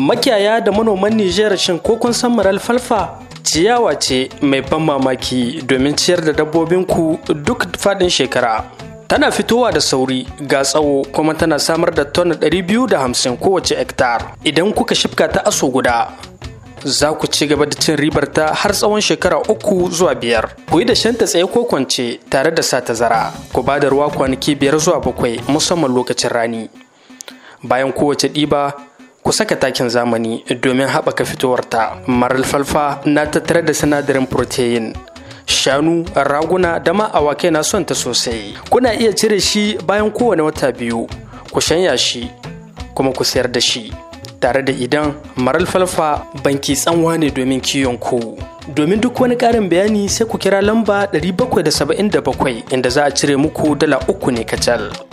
makiyaya da manoman Nijar shin ko kun san falfa ciyawa ce mai ban mamaki domin ciyar da dabbobinku duk faɗin shekara. Tana fitowa da sauri ga tsawo kuma tana samar da ton 250 kowace hektar. Idan kuka shifka ta aso guda, za ku ci gaba da cin ribar ta har tsawon shekara uku zuwa biyar. Ku yi da shanta tsaye ko kwance tare da sa tazara. Ku ba da ruwa kwanaki biyar zuwa bakwai musamman lokacin rani. Bayan kowace ɗiba ku saka takin zamani domin haɓaka fitowarta Maral falfa na tattare da sinadarin protein shanu raguna da ma awakai na son ta sosai kuna iya cire shi bayan kowane wata biyu ku shanya shi kuma ku sayar da shi tare da idan maral falfa banki tsanwa ne domin kiyon ku domin duk wani ƙarin bayani sai ku kira lamba 777 inda za a cire muku dala uku ne kacal